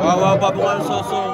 Bawa waaw sosok.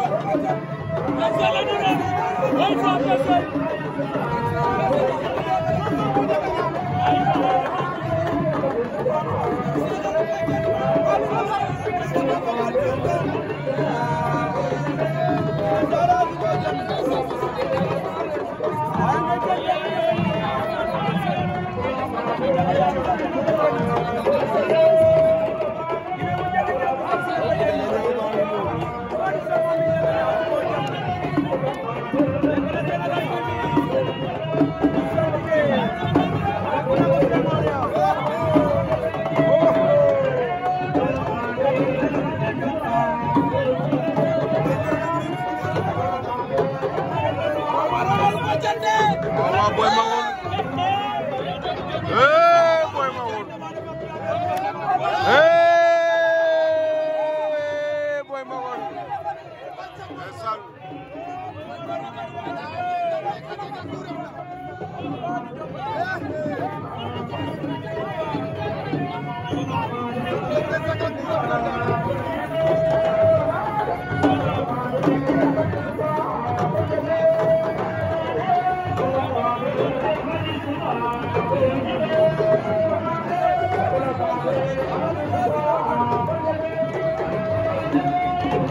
See the rest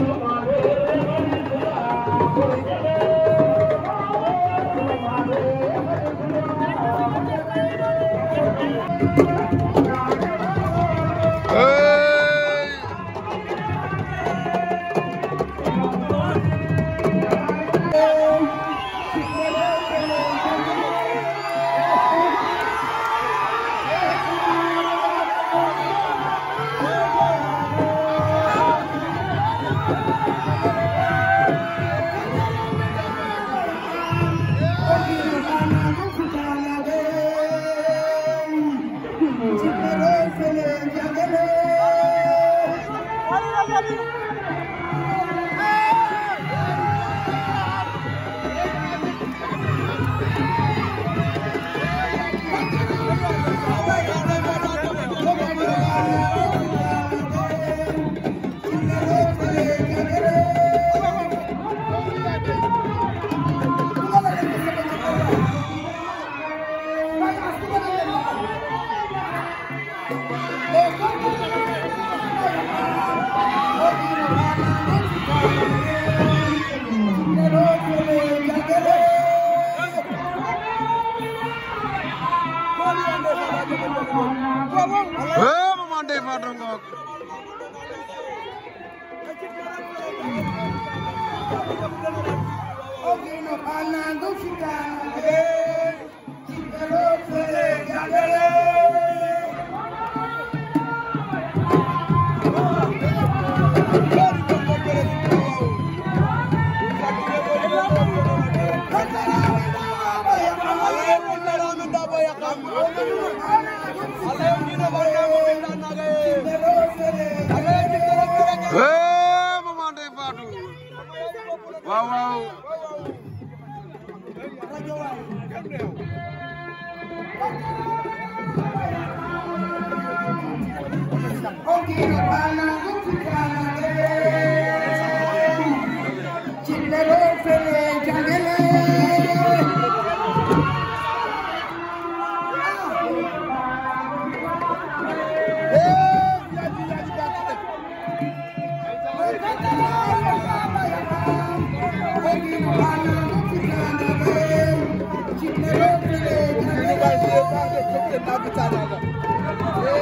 back 南都去呀！Okay, I'm not going to ta ta ta ta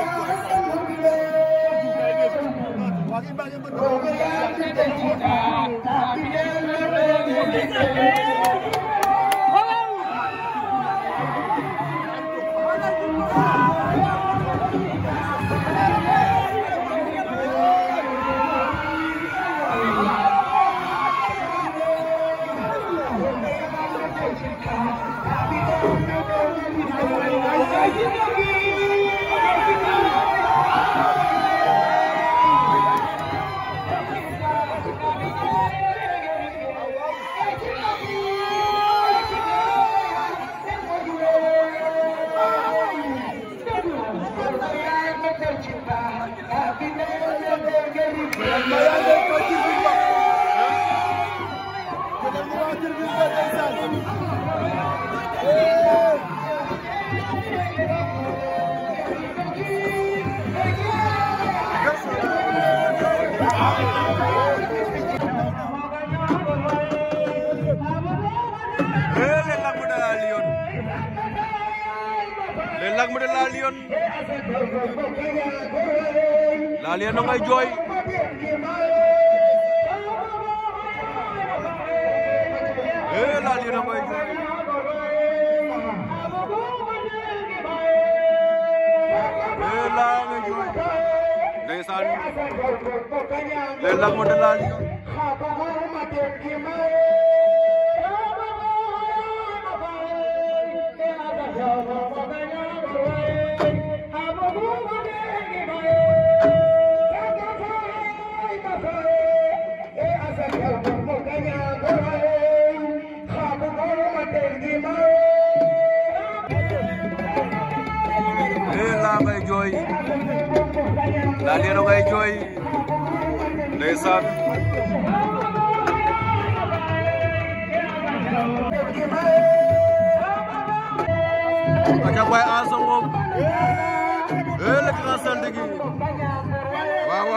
啊！Lalion Lalion ngay jooy eh Lalion ngay jooy eh la ngay jooy ndeysaan le lag mo de Lalion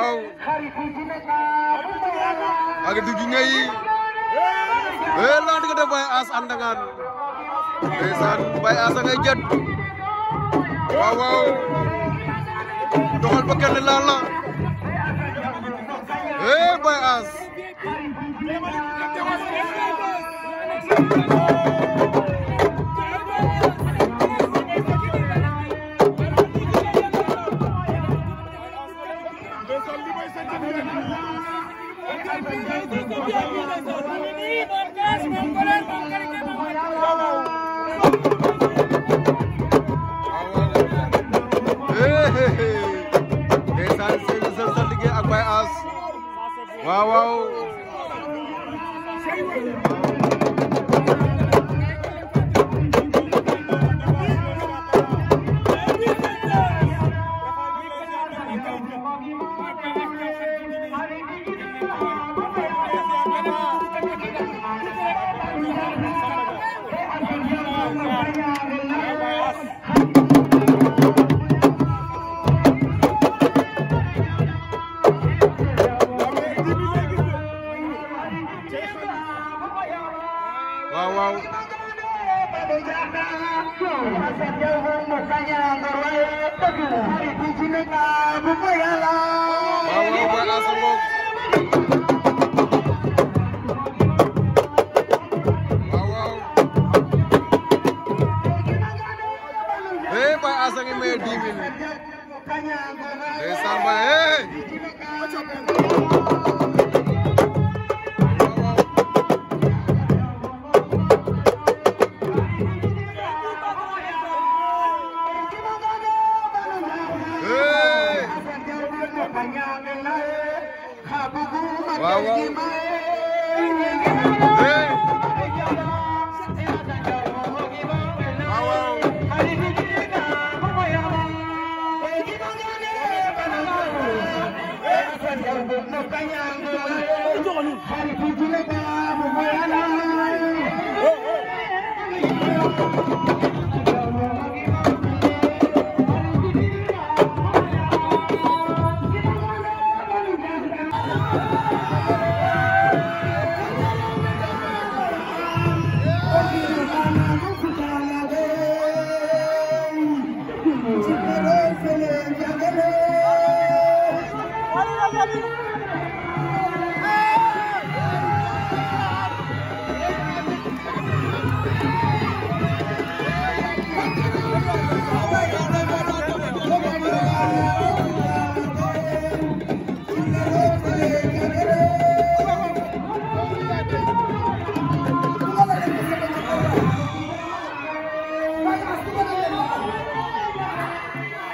waaw ak du junne yi eh lan nga def Baye Ass ànd ngaan ndeysaan Baye Ass waaw waaw ba kenn laal la eh Baye Wow, wow. a ngi maye dix mille ndeysaan ba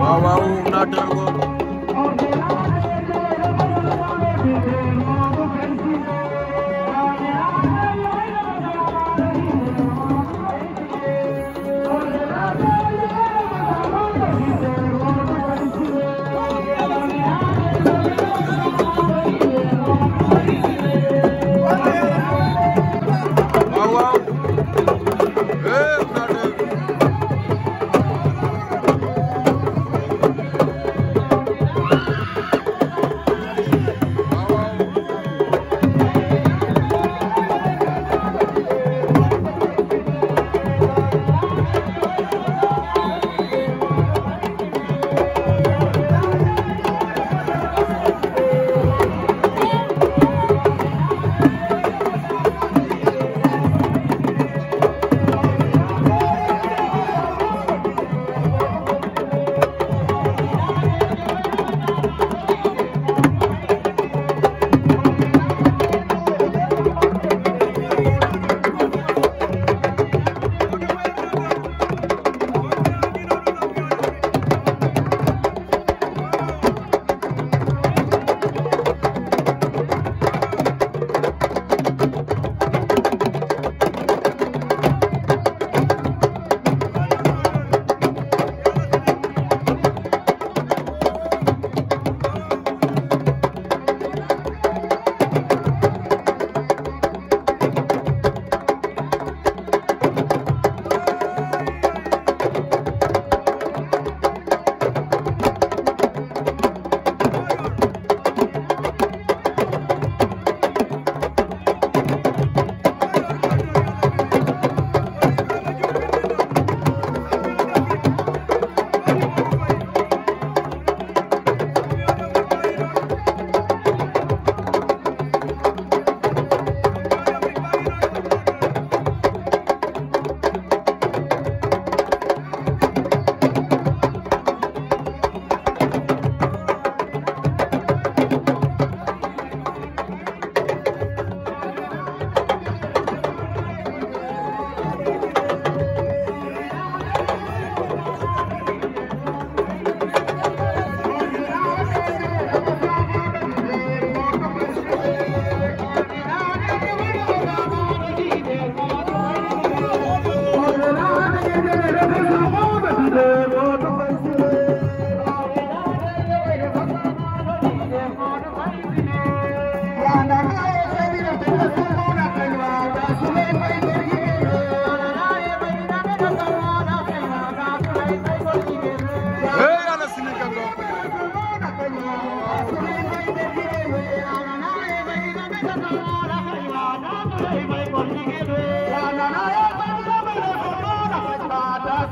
waaw waaw waaw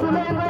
Thank you.